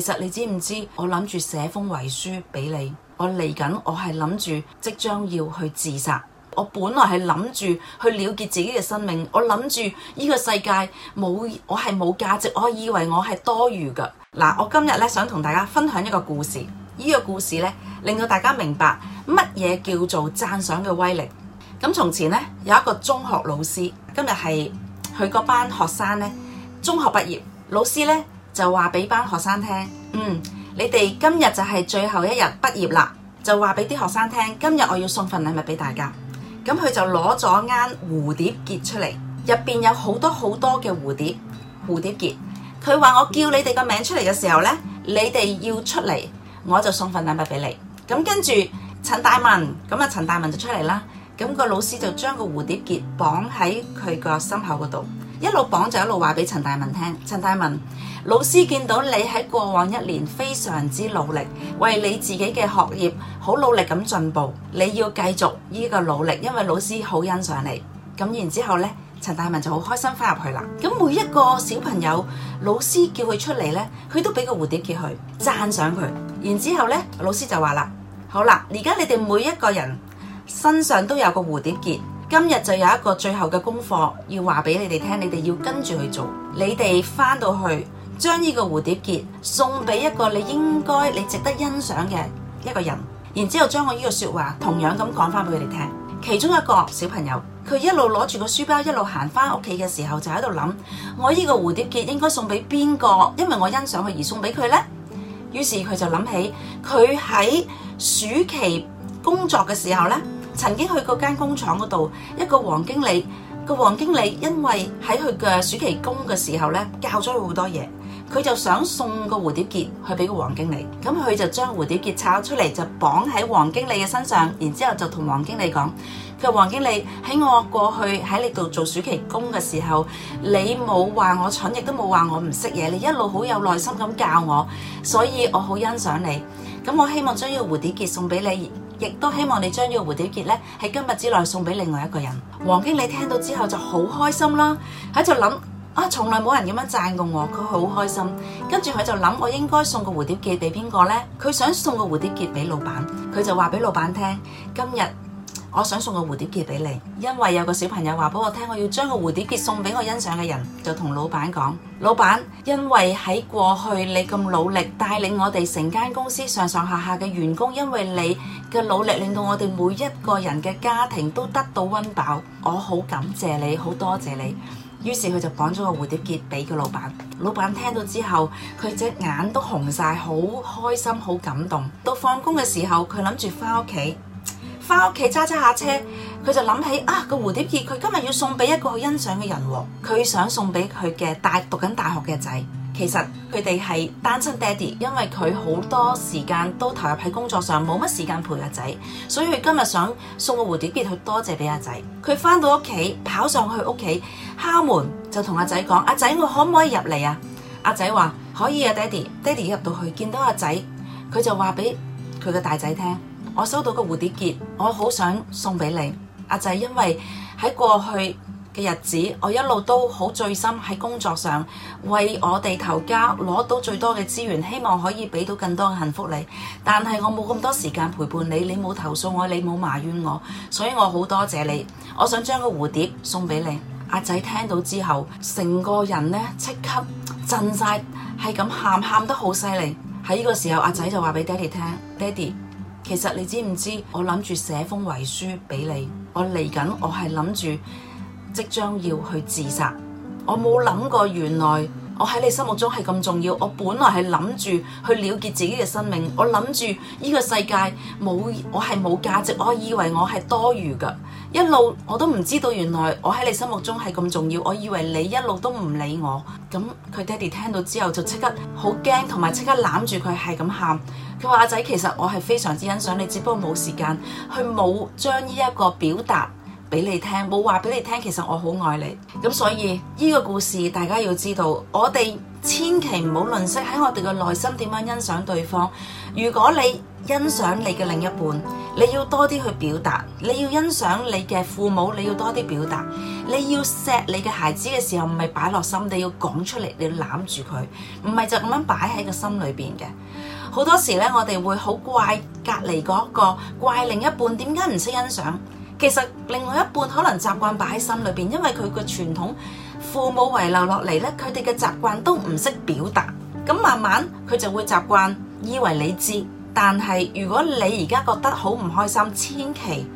其實你知唔知？我諗住寫封遺書俾你。我嚟緊，我係諗住即將要去自殺。我本來係諗住去了結自己嘅生命。我諗住呢個世界冇，我係冇價值。我以為我係多餘噶。嗱，我今日咧想同大家分享一個故事。呢個故事咧令到大家明白乜嘢叫做讚賞嘅威力。咁從前咧有一個中學老師，今日係佢嗰班學生咧中學畢業，老師咧。就話俾班學生聽，嗯，你哋今日就係最後一日畢業啦。就話俾啲學生聽，今日我要送份禮物俾大家。咁佢就攞咗間蝴蝶結出嚟，入邊有好多好多嘅蝴蝶蝴蝶結。佢話我叫你哋個名出嚟嘅時候呢，你哋要出嚟，我就送份禮物俾你。咁跟住陳大文，咁啊陳大文就出嚟啦。咁個老師就將個蝴蝶結綁喺佢個心口嗰度，一路綁就一路話俾陳大文聽，陳大文。老師見到你喺過往一年非常之努力，為你自己嘅學業好努力咁進步，你要繼續呢個努力，因為老師好欣賞你。咁然之後咧，陳大文就好開心翻入去啦。咁每一個小朋友，老師叫佢出嚟咧，佢都俾個蝴蝶結佢，讚賞佢。然之後呢，老師就話啦：好啦，而家你哋每一個人身上都有個蝴蝶結，今日就有一個最後嘅功課要話俾你哋聽，你哋要跟住去做，你哋翻到去。將呢個蝴蝶結送俾一個你應該你值得欣賞嘅一個人，然之後將我呢個說話同樣咁講翻俾佢哋聽。其中一個小朋友，佢一路攞住個書包一路行翻屋企嘅時候，就喺度諗：我呢個蝴蝶結應該送俾邊個？因為我欣賞佢而送俾佢呢！」於是佢就諗起佢喺暑期工作嘅時候咧，曾經去嗰間工廠嗰度，一個黃經理個黃經理，這個、黃經理因為喺佢嘅暑期工嘅時候咧，教咗佢好多嘢。佢就想送個蝴蝶結去俾個黃經理，咁佢就將蝴蝶結抄出嚟，就綁喺黃經理嘅身上，然之後就同黃經理講：佢話黃經理喺我過去喺你度做暑期工嘅時候，你冇話我蠢，亦都冇話我唔識嘢，你一路好有耐心咁教我，所以我好欣賞你。咁我希望將呢個蝴蝶結送俾你，亦都希望你將呢個蝴蝶結咧喺今日之內送俾另外一個人。黃經理聽到之後就好開心啦，喺度諗。啊！從來冇人咁樣讚過我，佢好開心。跟住佢就諗，我應該送個蝴蝶結俾邊個呢？佢想送個蝴蝶結俾老闆，佢就話俾老闆聽：今日我想送個蝴蝶結俾你，因為有個小朋友話俾我聽，我要將個蝴蝶結送俾我欣賞嘅人。就同老闆講：老闆，因為喺過去你咁努力帶領我哋成間公司上上下下嘅員工，因為你嘅努力，令到我哋每一個人嘅家庭都得到温飽，我好感謝你，好多謝你。於是佢就綁咗個蝴蝶結俾個老闆。老闆聽到之後，佢隻眼都紅晒，好開心，好感動。到放工嘅時候，佢諗住翻屋企，翻屋企揸揸下車，佢就諗起啊個蝴蝶結，佢今日要送俾一個好欣賞嘅人。佢想送俾佢嘅大讀緊大學嘅仔。其實佢哋係單親爹哋，因為佢好多時間都投入喺工作上，冇乜時間陪阿仔，所以佢今日想送個蝴蝶結去多謝俾阿仔。佢翻到屋企，跑上去屋企。敲門就同阿仔講：阿仔，我可唔可以入嚟啊？阿仔話：可以啊，爹哋。爹哋入到去，見到阿仔，佢就話俾佢個大仔聽：我收到個蝴蝶結，我好想送俾你。阿仔，因為喺過去嘅日子，我一路都好醉心喺工作上，為我哋頭家攞到最多嘅資源，希望可以俾到更多嘅幸福你。但係我冇咁多時間陪伴你，你冇投訴我，你冇埋怨我，所以我好多謝你。我想將個蝴蝶送俾你。阿仔聽到之後，成個人呢，即刻震晒，係咁喊，喊得好犀利。喺呢個時候，阿仔就話俾爹哋聽：爹哋，其實你知唔知？我諗住寫封遺書俾你，我嚟緊，我係諗住即將要去自殺，我冇諗過原來。我喺你心目中係咁重要，我本來係諗住去了結自己嘅生命，我諗住呢個世界冇，我係冇價值，我以為我係多餘嘅。一路我都唔知道，原來我喺你心目中係咁重要。我以為你一路都唔理我。咁佢爹哋聽到之後就即刻好驚，同埋即刻攬住佢係咁喊。佢話：阿仔，其實我係非常之欣賞你，只不過冇時間，佢冇將呢一個表達俾你聽，冇話俾你聽，其實我好愛你。咁所以呢個故事，大家要知道，我哋千祈唔好吝嗇喺我哋嘅內心點樣欣賞對方。如果你欣賞你嘅另一半，你要多啲去表達；你要欣賞你嘅父母，你要多啲表達；你要錫你嘅孩子嘅時候，唔係擺落心，你要講出嚟，你要攬住佢，唔係就咁樣擺喺個心裏邊嘅。好多時咧，我哋會好怪隔籬嗰個，怪另一半點解唔識欣賞。其實另外一半可能習慣擺喺心裏邊，因為佢個傳統父母遺留落嚟咧，佢哋嘅習慣都唔識表達，咁慢慢佢就會習慣以為你知。但係如果你而家覺得好唔開心，千祈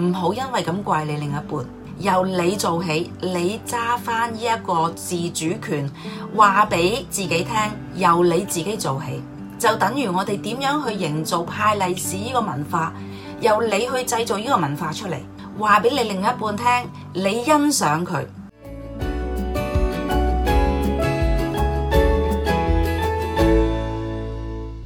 唔好因為咁怪你另一半，由你做起，你揸翻呢一個自主權，話俾自己聽，由你自己做起，就等於我哋點樣去營造派利是呢個文化。由你去製造依個文化出嚟，話俾你另一半聽，你欣賞佢。